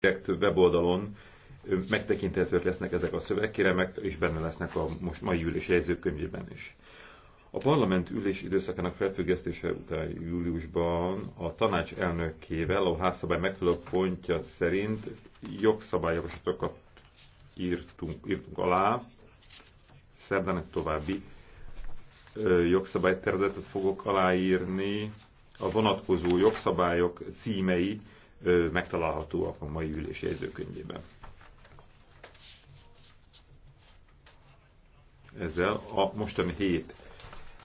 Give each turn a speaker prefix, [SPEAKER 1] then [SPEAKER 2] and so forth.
[SPEAKER 1] direkt weboldalon megtekinthetők lesznek ezek a szövegkéremek, és benne lesznek a most mai ülés jegyzőkönyvében is. A parlament ülés időszakának felfüggesztése után júliusban a tanács elnökével a házszabály megfelelő pontja szerint jogszabályokat írtunk, írtunk alá, szerdán egy további jogszabálytervezetet fogok aláírni, a vonatkozó jogszabályok címei megtalálhatóak a mai ülés jegyzőkönyvében.
[SPEAKER 2] Ezzel a
[SPEAKER 3] mostani hét